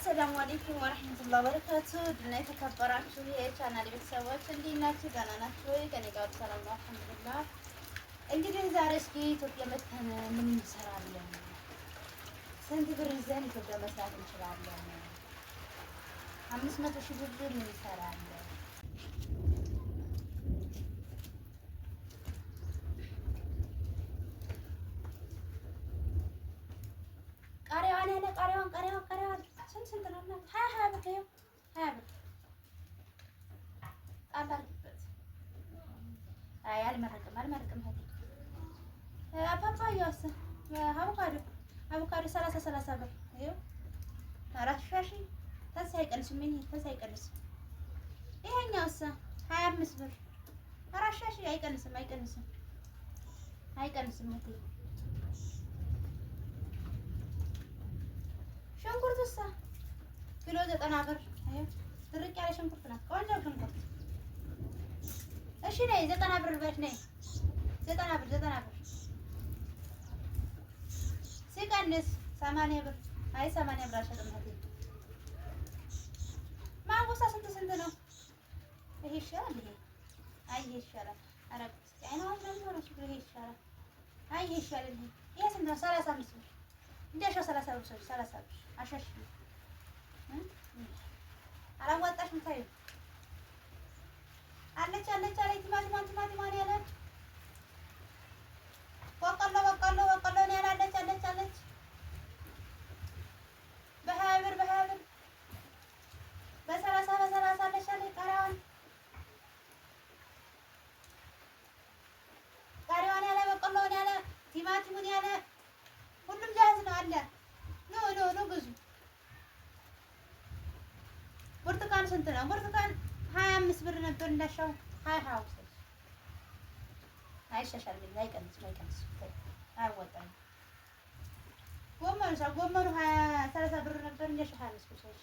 አሰላሙ አለይኩም ወረህመቱላሂ በረካቱ ድና የተከበራችሁ የቻናል ቤተሰቦች እንዴት ናችሁ? ደህና ናችሁ ከእኔ ጋር ሰላም ነው አልሐምዱሊላህ። እንግዲህ ዛሬ እስኪ ኢትዮጵያ መተን ምን እንሰራለን? ስንት ብር ይዘን ኢትዮጵያ መስራት እንችላለን? አምስት መቶ ሺህ ብር ምን እንሰራለን? ስንት ነው እናት? ሀያ ሀያ ብር ከየው ሀያ ብር ጣል አይ አልመረቅም አልመረቅም። አቮካዶ አቮካዶ ሰላሳ ሰላሳ ብር ይኸው አራት ሻሽ ተንስ አይቀንስም። ምን ተንስ አይቀንስም። ይሄኛውስ ሀያ አምስት ብር አራት ሻሽ አይቀንስም አይቀንስም አይቀንስም። እህቴ ሽንኩርቱሳ ኪሎ ዘጠና ብር ድርቅ ያለ ሽንኩርት ናት። ቆንጆ ሽንኩርት። እሺ ነይ ዘጠና ብር በሽ ነይ ዘጠና ብር ዘጠና ብር ሲቀንስ ሰማንያ ብር። አይ ሰማንያ ብር አልሸጥም። ማንጎሳ ስንት ስንት ነው? ይሄ ይሻላል። ይሄ አይ ይሄ ይሻላል። ኧረ ይሄ ይሻላል። አይ ይሄ ይሻላል። ይሄ ስንት ነው? ሰላሳ አምስት ብር እንደ ሰላሳ ብር ሰላሳ ብር አሸሽ አላዋጣሽ ምታዩ አለች አለች አለች ቲማቲማን ቲማቲማን ያለች በቆሎ በቆሎ በቆሎ ነው ያላለች አለች አለች በሰላሳ በሰላሳ አለች አለች ያለ ያለ ቲማቲሙን ያለ ሁሉም ጃዝ ነው አለ ኖ ኖ ኖ ብዙ ብርቱካን ስንት ነው? ብርቱካን ሀያ አምስት ብር ነበር እንዳሻው ሀያ ሀያ ውስጥ አይሻሻል ብል አይቀንስ አይቀንስ አያወጣም። ጎመኑ ሰው ጎመኑ ሀያ ሰላሳ ብር ነበር እንዳሻው ሀያ አምስት ብር ሰዎች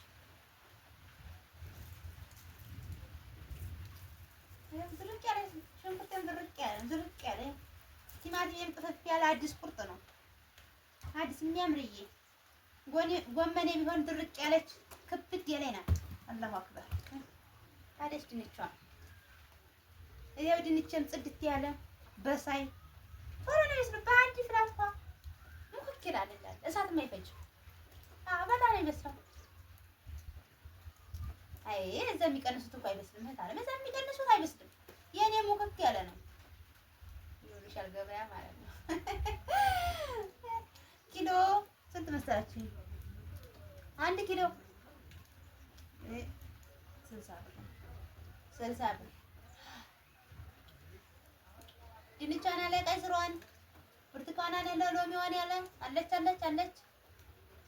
ዝርቅ ያለ ሽንኩርቴም ዝርቅ ያለ ዝርቅ ያለ ቲማቲሜም ጥፍፍ ያለ አዲስ ቁርጥ ነው አዲስ የሚያምርዬ ጎመኔ ቢሆን ድርቅ ያለች ክብድ የላይ ናት። አላሁ አክበር። ታዲያች ድንቿን እያው ድንቼም ጽድት ያለ በሳይ ቶሎ በአንድ ፍላት እንኳ ሙክክ ይላል እንዳለ እሳት የማይፈጅ በጣም ነው ይበስላል። አይ እዛ የሚቀንሱት እንኳ አይበስልም። እህት አለ እዛ የሚቀንሱት አይበስልም። የእኔ ሙክክ ያለ ነው ይሉሻል። ገበያ ማለት ነው። ኪሎ ስንት መሰላችሁ? አንድ ኪሎ ስልሳ ብር ድንቿን አለ፣ ቀይ ስሯን፣ ብርቱካን አለ፣ ሎሚዋን ያለ አለች አለች አለች፣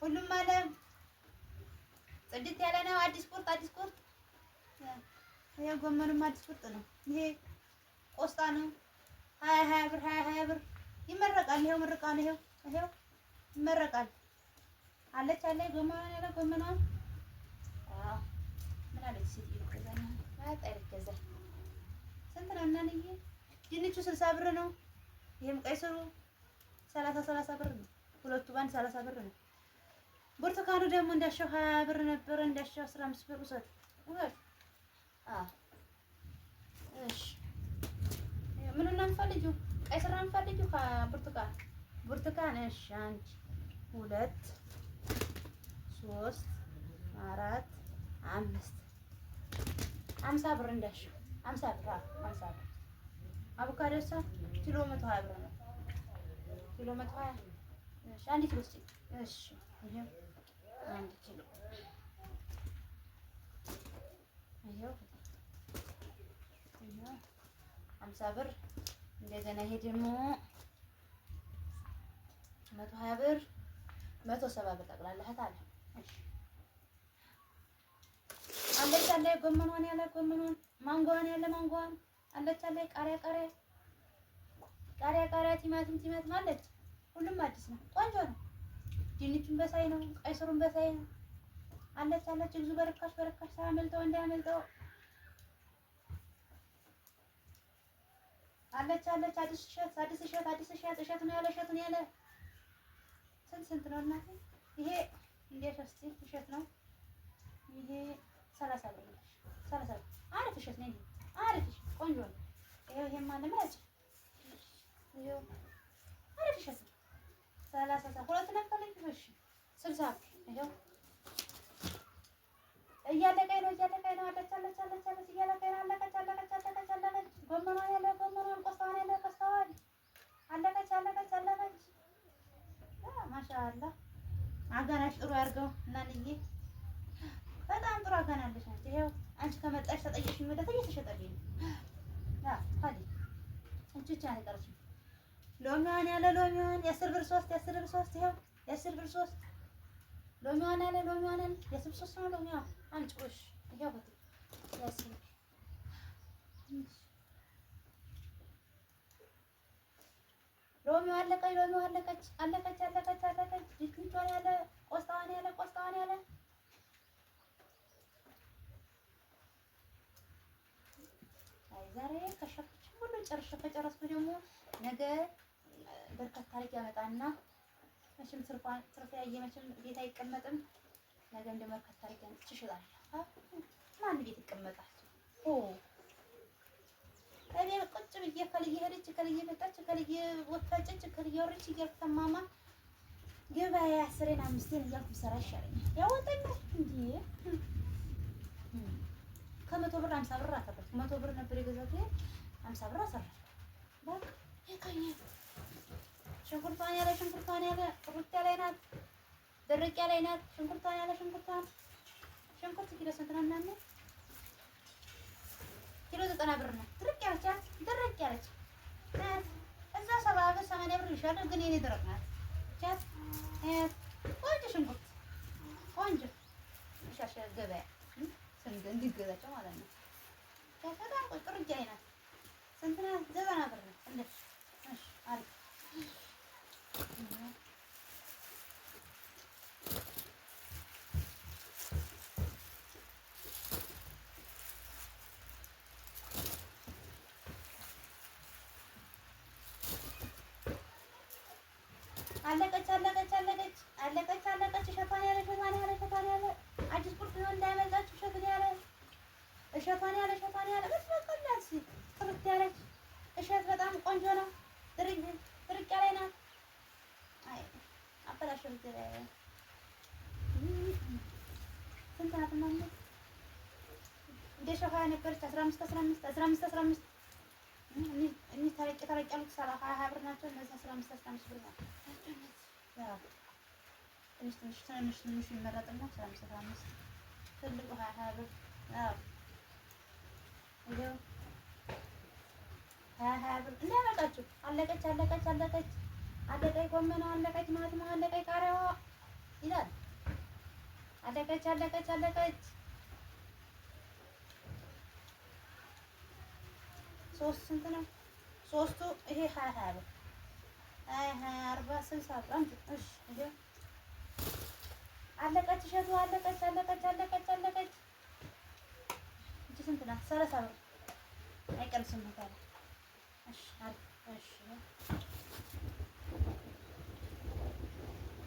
ሁሉም አለ። ጽድት ያለ ነው። አዲስ ቁርጥ አዲስ ቁርጥ፣ ይሄ ጎመንም አዲስ ቁርጥ ነው። ይሄ ቆስጣ ነው። ሀያ ሀያ ብር ሀያ ሀያ ብር ይመረቃል። ይሄው ምርቃን ይሄው ይሄው ይመረቃል። አለች አለ ጎመኗን ያለ ጎመኗን አለች። ስንት ነው እናንዬ? ድንቹ ስልሳ ብር ነው። ይህም ቀይ ስሩ ሰላሳ ሰላሳ ብር ነው። ሁለቱ ባንድ ሰላሳ ብር ነው። ብርቱካኑ ደግሞ እንዳሻው ሀያ ብር ነበረ። እንዳሸው አስራ አምስት ብር ውሰድ። እሺ ምኑን ነው ቀይ ስር ነው የምትፈልጊው? ብርቱካን ብርቱካን። እሺ አንድ ሁለት ሶስት አራት አምስት አምሳ ብር እንዳሽ አምሳ ብር አምሳ ብር አቮካዶ ኪሎ መቶ ሀያ ብር ነው። ኪሎ መቶ ሀያ እሺ፣ አንድ ኪሎ እስኪ እሺ፣ ይሄው አንድ ኪሎ ይሄው አምሳ ብር እንደገና ይሄ ደግሞ መቶ ሀያ ብር መቶ ሰባ ብር ጠቅላላ እህት አለ። እሺ አለች አለ ጎመኗን ያለ ጎመኗን፣ ማንጓን ያለ ማንጓን አለች አለ ቃሪያ ቃሪያ ቃሪያ ቃሪያ፣ ቲማቲም ቲማቲም አለች። ሁሉም አዲስ ነው፣ ቆንጆ ነው። ድንቹን በሳይ ነው፣ ቀይ ስሩን በሳይ ነው። አለች አለች ብዙ በርካሽ በርካሽ፣ ሳያመልጠው እንዳያመልጠው አለች አለች። አዲስ እሸት አዲስ እሸት አዲስ እሸት እሸት ነው ያለ እሸት ነው ያለ ስንት ስንት ነው እናቴ? ይሄ እንዴት እሸት ነው ይሄ ሰላሳ ብር ነው። ሰላሳ ብር አሪፍ እሸት ነው። አሪፍ እሸት ቆንጆ ነው። ይሄው ይሄ ማለት ነው። ይሄው አሪፍ እሸት ነው። ሰላሳ ሁለት ነበር ልጅ እሺ ስልሳ ይሄው እያለቀኝ ነው እያለቀኝ ነው። አለች አለች አለች አለች እያለቀኝ ነው። አለቀች አለቀች አለቀች አለቀች። ጎመኗን ያለ ጎመኗን፣ ቆስጣዋን ያለ ቆስጣዋን። አለቀች አለቀች አለቀች። ማሻአላህ አጋራሽ ጥሩ ያድርገው እናንዬ በጣም ጥሩ አጋናለች ናት። ይሄው አንቺ ከመጣሽ ተጠየቅሽኝ ወደ እየተሸጠልኝ ነው። አንቺ ብቻ ነው ሎሚዋን ያለ ሎሚዋን የአስር ብር ሶስት የአስር ብር ሶስት ይሄው የአስር ብር ሶስት ሎሚዋን ያለ ሎሚዋን የአስር ብር ሶስት ነው። ሎሚዋን አንጭሽ ይኸው የአስር ሎሚዋ አለቀች። ሎሚዋ አለቀች አለቀች አለቀች አለቀች። ድንቿን ያለ ቆስጣዋን ያለ ቆስጣዋን ያለ ዛሬ ከሸፈችን ሁሉ ጨርሽ ከጨረስኩ ደግሞ ነገ በርካታ ታሪክ ያመጣና መቼም ትርፍ ያየ መቼም ቤት አይቀመጥም። ነገ እንደ በርካታ ታሪክ ያመጣች ይችላል። ማን ቤት ይቀመጣል? ኦ እኔ ቁጭ ብዬ ከልዬ ሄደች፣ ከልዬ መጣች፣ ከልዬ ወጣች፣ ከልዬ ወረች እያልኩ ተማማ ገበያ አስሬን አምስቴን እያልኩ ብሰራ ይሻለኛል። ያወጣኛል እንዴ ከመቶ ብር አምሳ ብር አተረፍኩ። መቶ ብር ነበር የገዛሁት ሀምሳ ብር አተረፍኩ። በቃ ይቀኛ ሽንኩርቷን ያለ ሽንኩርቷን ያለ ሩጫ ላይ ናት፣ ድርቅ ላይ ናት። ሽንኩርቷን ያለ ሽንኩርቷን ሽንኩርት ኪሎ ስንት ነው እናንተ? ኪሎ ዘጠና ብር ነው። ድርቅ ያለች ድርቅ ያለች እዛ ሰባ ብር ሰማንያ ብር ይሻላል፣ ግን የኔ ድርቅ ናት። ቆንጆ ሽንኩርት ቆንጆ ይሻሻል ገበያ ስንት እንዲገዛቸው ማለት ነው። በጣም ቁጥር እጅ አይነት ስንትና ዘጠና ብር ነው። እንደት አሪፍ አለቀች አለቀች አለቀች አለቀች አለቀች። ሸፋን ያለ ሸፋን ያለ ሸፋን ያለ አዲስ ቁርጥ ነው እንዳያመልጣችሁ። እሸቷን ያለ እሸቷን ያለ መስመቀላል ሲ ጥርት ያለች እሸት በጣም ቆንጆ ነው። ድርቅ ድርቅ ያለ ናት። አይ አበላሽም ትለይ ስንት ናት እናንተ? እንደ እሸቷ የነበረች አስራ አምስት አስራ አምስት አስራ አምስት አስራ አምስት እኒህ ተለቅ ተለቅ ያሉት ሰራ ሀያ ሀያ ብር ናቸው። እነዚህ አስራ አምስት አስራ አምስት ብር ናቸው። ትንሽ ትንሽ ትንሽ ትንሽ ይመረጥና አስራ አምስት አስራ አምስት ትልቁ ሀያ ሀያ ብር እንዳያመልጣችሁ። አለቀች አለቀች አለቀች አለቀች ጎመኗ አለቀች ማለትም አለቀኝ ቃሪያዋ ይላል። አለቀች አለቀች አለቀች ሶስት ስንት ነው? ሶስቱ ይሄ ሀያ ሀያ ብር ሀያ ሀያ አርባ ስልሳ አለቀች እሸቱ አለቀች አለቀች አለቀች አለቀች ስንት ናት? ሰላሳ ብር አይቀንስም። እሺ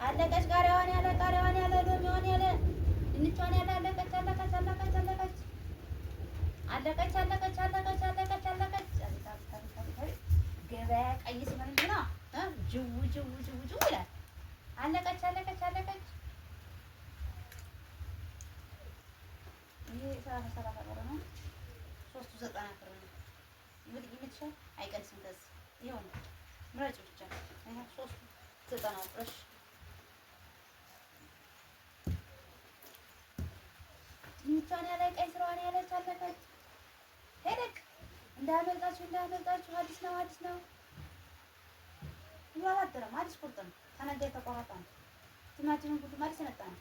አለቀች። ቃሪያዋን ያለ ቃሪያዋን ያለ ሎሚዋን ያለ ድንቿን ያለ አለቀች፣ አለቀች፣ አለቀች፣ አለቀች፣ አለቀች፣ አለቀች፣ አለቀች፣ አለቀች፣ አለቀች። ገበያ ቀይ ስምንት ነው። ጅው ጅው ጅው ጅው ይላል። አለቀች፣ አለቀች፣ አለቀች። ይሄ ሰላሳ ዘጠና ብር ነው። ይመችሻል፣ አይቀንስም። ከዚህ ምረጭ ብቻ። ዘጠና ድንቿን ያለ ቀይ ስራዋን ያለች አለፈች። ሄደክ እንዳያመልጣችሁ፣ እንዳያመልጣችሁ። አዲስ ነው፣ አዲስ ነው። ይኸው አዲስ ቁርጥ ነው፣ ከነጋ የተቆረጠ ነው። አዲስ የመጣ ነው።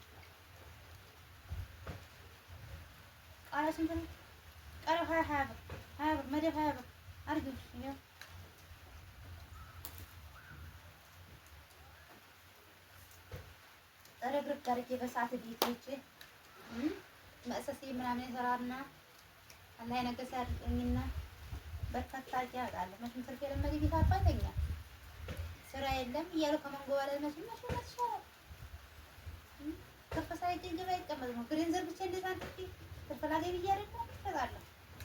ቃሪያ ስንት ነው? ቀረብ ሀያ ሀያ ብር ሀያ ብር መደብ ሀያ ብር አድርጊው ይኸው ጥርግርግ አድርጌ በሰዓት ቤት ውጪ መእሰሴ ምናምን የሰራና አላይ ነገስ ያድርገኝና በርካታ ያውቃለሁ። መቼም ስልክ የለመደ ቤት አባተኛ ስራ የለም እያሉ ከመንጎ ባለ መቼም መቼም ይሻላል። ትርፍ ሳይገኝ ገበያ አይቀመጥም ነው ግሬን ዘርግቼ እንደዛ ትርፍ ላገኝ ብዬ አይደለም እሰራለሁ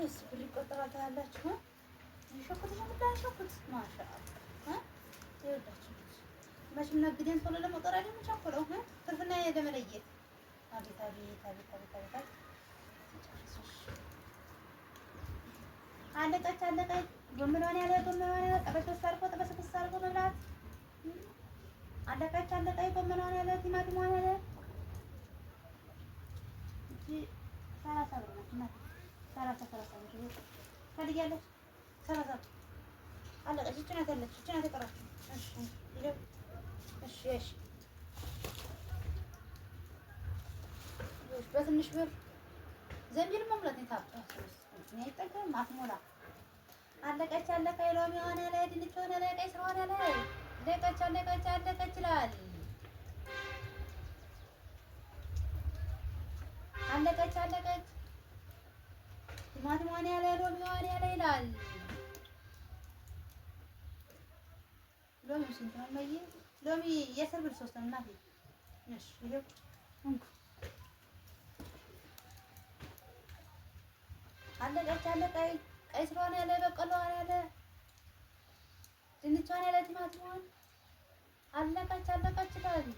ወይስ ብር ይቆጠራል ትላላችሁ? የሸኩት ሸምላ ሸኩት ማሻአላ ይወዳችሁ መቼም ነግዴን ቶሎ ለመቆጠር አይደለም ቸኮለው ትርፍና ለመለየት አቤት አቤት አቤት አቤት አቤት አለቀች አለቀች። ጎመኗን ያለ ጎመኗን ያለ ጠበስበስ አድርጎ ጠበስበስ አድርጎ መብላት። አለቀች አለቀች። ጎመኗን ያለ ቲማቲሟን ያለ ሰላሳ ብር ናት። Tarata tarata. Hadi gel. Tarata. Allora, ci sono telle, ci sono telle. እሺ እሺ በትንሽ ብር ዘንቢል መሙላት የታባት እኔ አይጠቀም አትሞላ አለቀች አለቀ ሎሚ ሆነ ላይ ድንች ሆነ ላይ ቀይ ስር ሆነ ላይ ለቀች አለቀች አለቀች ይላል አለቀች አለቀች ቲማቲሟን ያለ ሎሚዋን ያለ ይላል። ሎሚ ስንት ነው? እመዬ ሎሚ የስር ብር ሶስት ነው እናቴ። እሺ ይሄው አለቀች አለ ቀይ ቀይ ያለ በቆሎዋን ያለ ድንቿን ያለ ቲማቲሟን አለቀች አለቀች ይላል።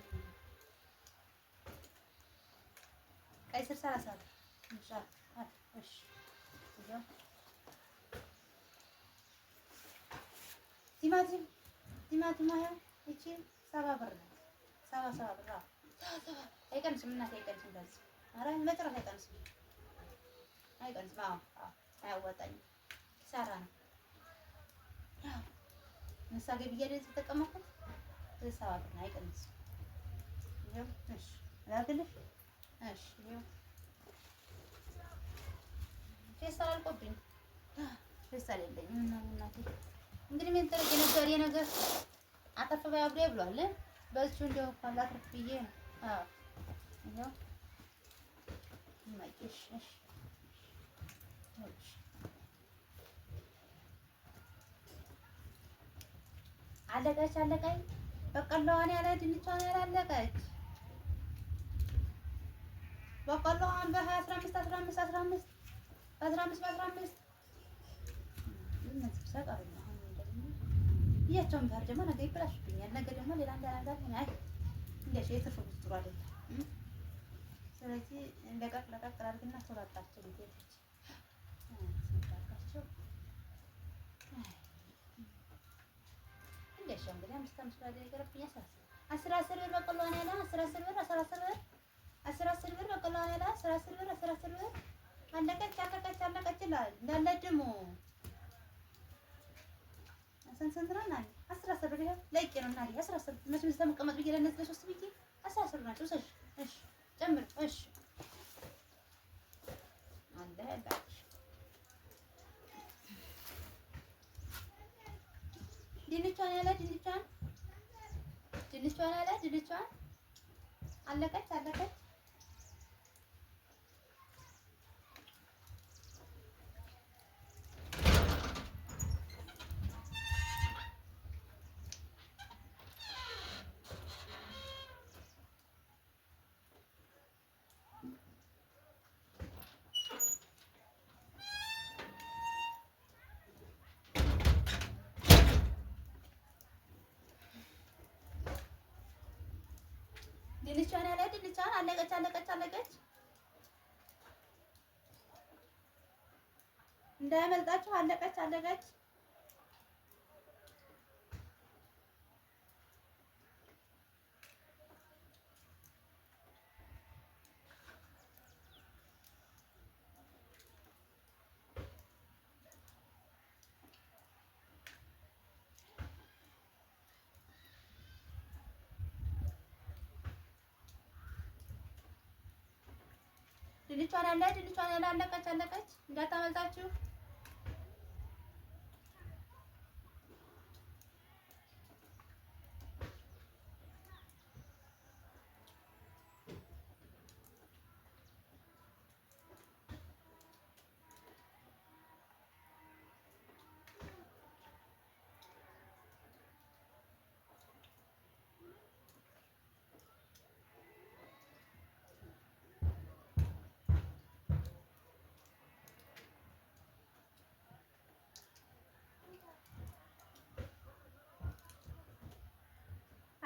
ቀይ ስር ሰላሳ እሺ እንደዛ ቲማቲም ቲማቲም አሁን እቺ ሰባ ብር ናት። ሰባ ሰባ ብር አይቀንስም፣ እናቴ አይቀንስም። በዚህ ኧረ መጨረሻ አይቀንስም፣ አይቀንስም። አዎ አያዋጣኝም፣ ኪሳራ ነው። ያው ምሳሌ ብያለሁ የተጠቀመኩት ሰባ ብር ነው፣ አይቀንስም። እሺ ላድልሽ። እሺ ፌስታል አልቆብኝ ፌስታል የለኝም። እና እናቴ እንግዲህ ምን ተረጀ ነገር የነገር አጠፍ ባይ አብሬ ብሏል። በሱ እንደው እንኳን ላትርፍ ብዬ አዎ፣ ይሄው ማይሽ እሺ፣ አለቀች አለቀች። በቀሎዋን ያለ ድንቿን ያላለቀች በቀሎዋን በሀያ አስራ አምስት አስራ አምስት አስራ አምስት በአስራ አምስት በአስራ አምስት እያቸውን ባህር ደግሞ ነገ ይበላሽብኛል። ነገ ደግሞ ሌላ እንዳላዛልኝ አይ እንደሽ የተፈሉ ጥሩ አይደለም። ስለዚህ ለቀቅ ለቀቅ አድርግና ተላጣቸው ልጆች ሲባላቸው እንደሽ እንግዲህ አምስት አምስት ላይ ገረብኝ ያሳስ አስር አስር ብር በቆሎ ያለ አስር አስር ብር አስር አስር ብር አስር አስር ብር በቆሎ ያለ አስር አስር ብር አስር አስር ብር አለቀች አለቀች አለቀች ይላል። እንዳለድሙ ስንት ስንት ነው? እናቴ አስራ አስር ብዬሽ ለቄ ነው እናቴ አስራ አስር መች ብዬሽ ተመቀመጥ ብዬሽ ለእነዚህ ለሶስት ብዬሽ አስራ አስር ናቸው። እሺ እሺ ጨምር እሺ ድንቿን ያለ ድንቿን ድንቿን ያለ ድንቿን አለቀች አለቀች ድንቿን ያለ ድንቿን አለቀች አለቀች አለቀች። እንዳያመልጣችሁ አለቀች አለቀች። ድንቿን አለ ድንቿን ያላለቀች አለቀች እንዳታመልጣችሁ።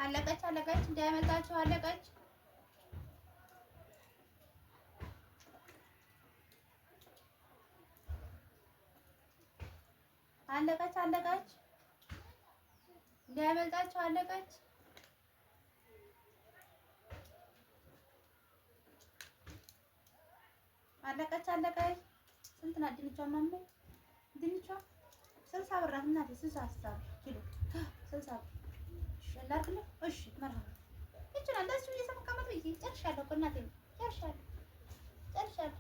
አለቀች አለቀች፣ እንዳያመልጣችሁ አለቀች። አለቀች አለቀች፣ እንዳያመልጣችሁ አለቀች። አለቀች አለቀች። ስንት ናት ድንቿ? ማመን ድንቿ ስልሳ ብር ናት እናቴ፣ ስልሳ ኪሎ ስልሳ ብር ላክልህ? እሺ መርሃባ ጨርሻለሁ እኮ እናቴ ጨርሻለሁ ጨርሻለሁ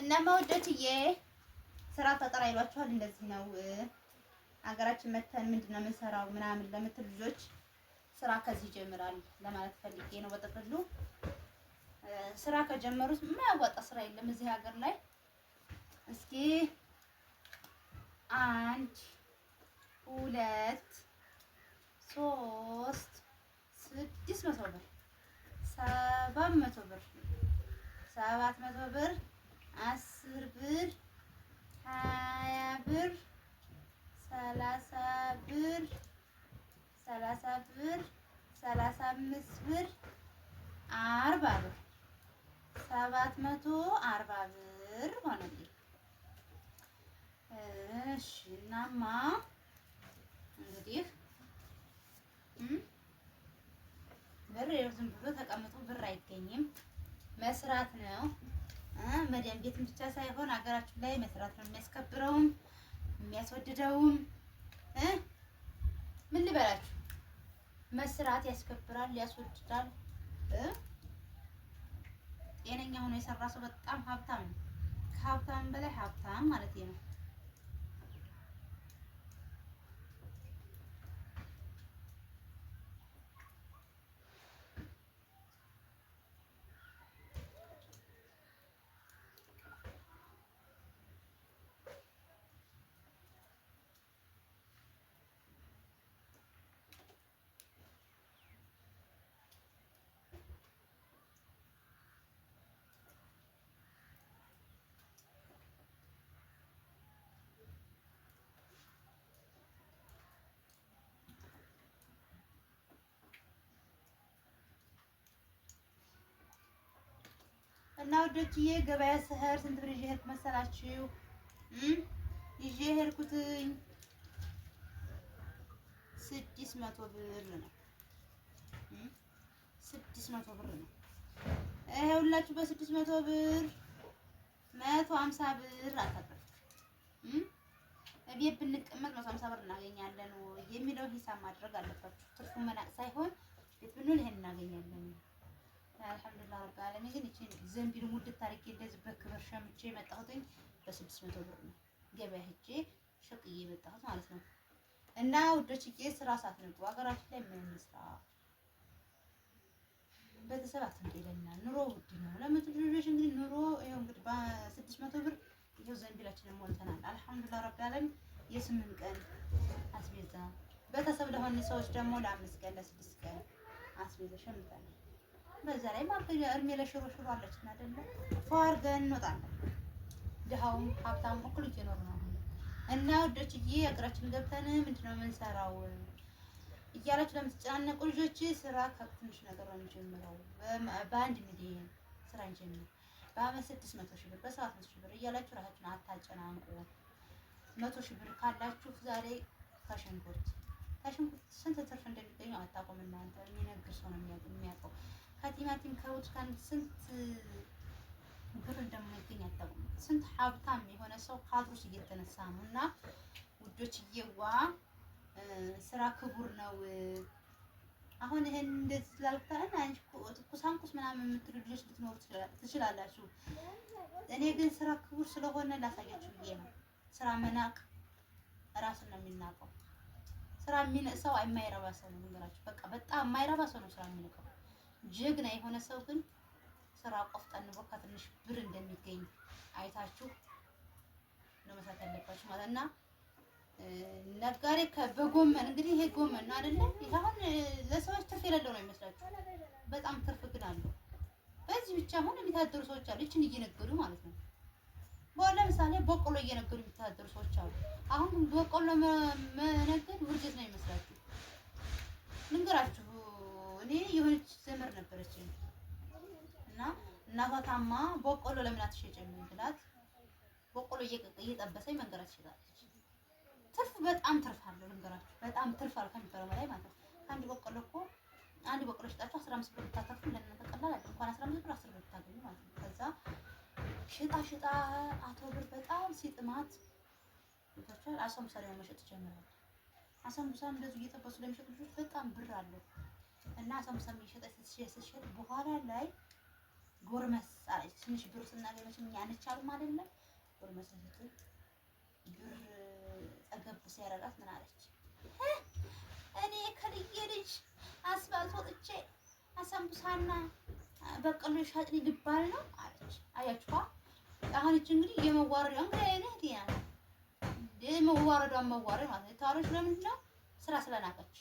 እና መውደትዬ ስራ ፈጠራ ይሏችኋል። እንደዚህ ነው ሀገራችን መተን ምንድን ነው የምንሰራው ምናምን ለምትል ልጆች ስራ ከዚህ ይጀምራል ለማለት ፈልጌ ነው። በጥቅሉ ስራ ከጀመሩት የማያዋጣ ስራ የለም እዚህ ሀገር ላይ። እስኪ አንድ ሁለት ሶስት ስድስት መቶ ብር ሰባት መቶ ብር ሰባት መቶ ብር አስር ብር፣ ሀያ ብር፣ ሰላሳ ብር፣ ሰላሳ ብር፣ ሰላሳ አምስት ብር፣ አርባ ብር ሰባት መቶ አርባ ብር ሆነልኝ። እሺ እናማ እንግዲህ ብር ዝም ብሎ ተቀምጦ ብር አይገኝም፣ መስራት ነው። መድኃኒት ቤት ብቻ ሳይሆን ሀገራችን ላይ መስራት ነው የሚያስከብረውም የሚያስወድደውም። ምን ልበላችሁ፣ መስራት ያስከብራል፣ ያስወድዳል። ጤነኛ ሆኖ የሰራ ሰው በጣም ሀብታም ነው፣ ከሀብታም በላይ ሀብታም ማለት ነው። እና ወዶችዬ ገበያ ስሄድ ስንት ብር ይዤ ሄድኩ መሰላችሁ? ይዤ ሄድኩትኝ ስድስት መቶ ብር ነው። ስድስት መቶ ብር ነው። ይኸውላችሁ በስድስት መቶ ብር መቶ ሀምሳ ብር አልተረፍክ። እቤት ብንቀመጥ መቶ ሀምሳ ብር እናገኛለን የሚለውን ሂሳብ ማድረግ አለባችሁ። ትርፉን መናቅ ሳይሆን ቤት ብንውል ይሄን እናገኛለን። አልሐምዱሊላህ ረብ ዓለሚን። ግን እቺ ዘንቢል ሙድት አድርጌ እንደዚህ በክብር ሸምቼ የመጣሁትኝ በስድስት መቶ ብር ነው ገበያ ሄጄ ሸቅዬ የመጣሁት ማለት ነው። እና ውዶችዬ ስራ ሳትንቁ ሀገራችን ላይ ምን እንስራ? ቤተሰብ አትንቀለናል። ኑሮ ውድ ነው። ለምን ልጆች እንግዲህ ኑሮ ይኸው እንግዲህ በስድስት መቶ ብር ይኸው ዘንቢላችንን ሞልተናል። አልሐምዱሊላህ ረብ ዓለሚን። የስምንት ቀን አስቤዛ ቤተሰብ ለሆነ ሰዎች ደግሞ ለአምስት ቀን ለስድስት ቀን አስቤዛ ሸምተናል። በዛ ላይ ማበጃ እድሜ ለሽሮ ሽሮ አለችና አይደለ ፈዋርገን እንወጣለን። ድሃውም ሀብታም እኩል እየኖር ነው እና ወዶችዬ አግራችን ገብተን ምንድነው ነው የምንሰራው እያላችሁ ለምትጨናነቁ ልጆች ስራ ከትንሽ ነገር ነው የሚጀምረው። በአንድ ሚሊዮን ስራ እንጀምር፣ በአመት ስድስት መቶ ሺህ ብር፣ በሰባት መቶ ሺህ ብር እያላችሁ ራሳችሁን አታጨናንቁ። መቶ ሺህ ብር ካላችሁ ዛሬ ከሽንኩርት ከሽንኩርት ስንት ትርፍ እንደሚገኘው አታውቁም እናንተ። የሚነግር ሰው ነው የሚያውቀው ከቲማቲም ከብርቱካን ስንት ብር እንደማይገኝ አታውቅም። ስንት ሀብታም የሆነ ሰው ካድሮስ እየተነሳ ነው። እና ውዶች እየዋ ስራ ክቡር ነው። አሁን ይህን እንደዚህ ስላልኩታን አንቺ ቁሳንቁስ ምናምን የምትሉ ልጆች ልትኖሩ ትችላላችሁ። እኔ ግን ስራ ክቡር ስለሆነ ላሳያችሁ ብዬ ነው። ስራ መናቅ ራሱን ነው የሚናቀው። ስራ የሚንቅ ሰው የማይረባ ሰው ነው። ንገራችሁ በቃ በጣም የማይረባ ሰው ነው ስራ የሚነቀው ጀግና የሆነ ሰው ግን ስራ ቆፍጠን ብሎ ከትንሽ ብር እንደሚገኝ አይታችሁ ነው መስራት ያለባችሁ ማለት እና ነጋዴ በጎመን እንግዲህ ይሄ ጎመን ነው አይደለ? አሁን ለሰዎች ትርፍ የሌለው ነው የሚመስላችሁ። በጣም ትርፍ ግን አለው። በዚህ ብቻ አሁን የሚታደሩ ሰዎች አሉ፣ ይችን እየነገዱ ማለት ነው። ለምሳሌ በቆሎ እየነገዱ የሚታደሩ ሰዎች አሉ። አሁን በቆሎ መነገድ ውርደት ነው የሚመስላችሁ። ልንገራችሁ እኔ የሆነች ዘመር ነበረች እና እናቷ ታማ በቆሎ ለምን አትሸጭም ብላት በቆሎ እየጠበሰኝ መንገር አትችላለች። ትርፍ በጣም ትርፍ አለው ልንገራችሁ፣ በጣም ትርፍ አለው ከሚባለው በላይ ማለት ነው። አንድ በቆሎ እኮ አንድ በቆሎ ሽጣችሁ አስራ አምስት ብር ብታተርፉ ለእናንተ ቀላል አይደል? እንኳን አስራ አምስት ብር አስር ብር ብታገኙ ማለት ነው። ከዛ ሽጣ ሽጣ አቶ ብር በጣም ሲጥማት አሳምቡሳ ደግሞ መሸጥ ጀምራለች። አሳምቡሳ እንደዚህ እየጠበሱ ለሚሸጡ ልጆች በጣም ብር አለው። እና ሳምሳም እየሸጠች ስትሸጥ በኋላ ላይ ጎርመስ አለች። ትንሽ ብር ስናገኘች እኛ ማለት ነው። ጎርመስ ስትል ብር ጠገብ ሲያረጋት ምን አለች? እኔ ከልዬ ልጅ አስፋልት ወጥቼ አሳምቡሳና በቀሎ ሻጥኝ ልባል ነው አለች። አያችኋ አሁን እች እንግዲህ የመዋረዷ እንግዲህ አይነት ያ የመዋረዷን መዋረድ ማለት ነው። ታሮች ለምንድን ነው ስራ ስለናቀች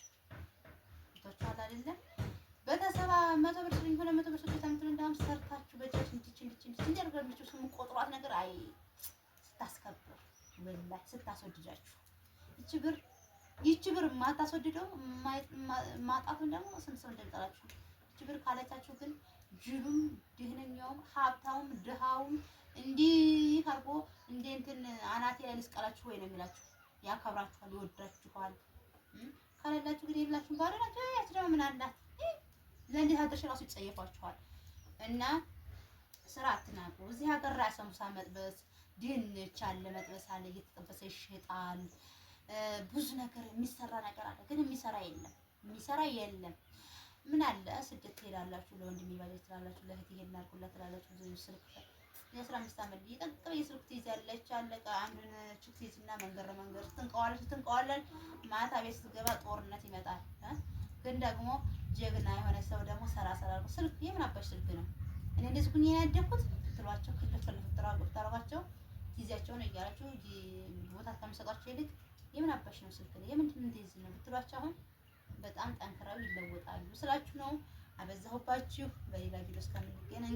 አይደለም በተሰባ መቶ ብር ስልኝ ሁለት መቶ ብር ስልኝ ታምጥሩ እንዳም ሰርታችሁ በእጃችሁ እንዲች እንዲች እንዲች እንዲያርጋችሁ ስሙ ቆጥሯት ነገር አይ ስታስከብር ወላሂ ስታስወድዳችሁ ይቺ ብር ይቺ ብር ማታስወድደው ማጣቱን ደግሞ ስንት ሰው እንደምጠላችሁ ይቺ ብር ካለቻችሁ ግን ጅሉም ድህነኛውም ሀብታውም ድሃውም እንዲህ አድርጎ እንደ እንትን አናቴ ላይ ልስቀላችሁ ወይ ነው የሚላችሁ። ያከብራችኋል፣ ይወዳችኋል። ካላላችሁ ግን የላችሁም። ካላላችሁ ያች ደግሞ ምን አላት ለእንዴት አድርሽ ራሱ ይጸየፏችኋል። እና ስራ አትናቁ። እዚህ ሀገር ላይ ሰሙሳ መጥበስ፣ ድንች አለ መጥበስ አለ እየተጠበሰ ይሸጣል። ብዙ ነገር የሚሰራ ነገር አለ፣ ግን የሚሰራ የለም። የሚሰራ የለም። ምን አለ ስደት ትሄዳላችሁ፣ ለወንድም ይባል ትላላችሁ፣ ለእህት ይሄን አልኩላት ትላላችሁ፣ ብዙ ስልክ የአስራ አምስት ዓመት ልጅ ጠንቅቀ የስልክ ትይዛለች። አለቀ። አንዱን ችክ እና መንገድ መንገድ ትንቀዋለች ስትንቀዋለን፣ ማታ ቤት ስትገባ ጦርነት ይመጣል። ግን ደግሞ ጀግና የሆነ ሰው ደግሞ ሰራ ሰራ አድርጎ ስልክ የምን አባሽ ስልክ ነው እኔ እንደዚህ ሁኜ ያደግኩት ትሏቸው ክልፍ ልታረጓቸው ጊዜያቸውን እያላችሁ ቦታ ከምሰጧቸው ይልቅ የምን አባሽ ነው ስልክ ነው የምንድን እንደዚህ ነው ብትሏቸው አሁን በጣም ጠንክረው ይለወጣሉ ስላችሁ ነው። አበዛሁባችሁ። በሌላ ቪዲዮ እስከምንገናኝ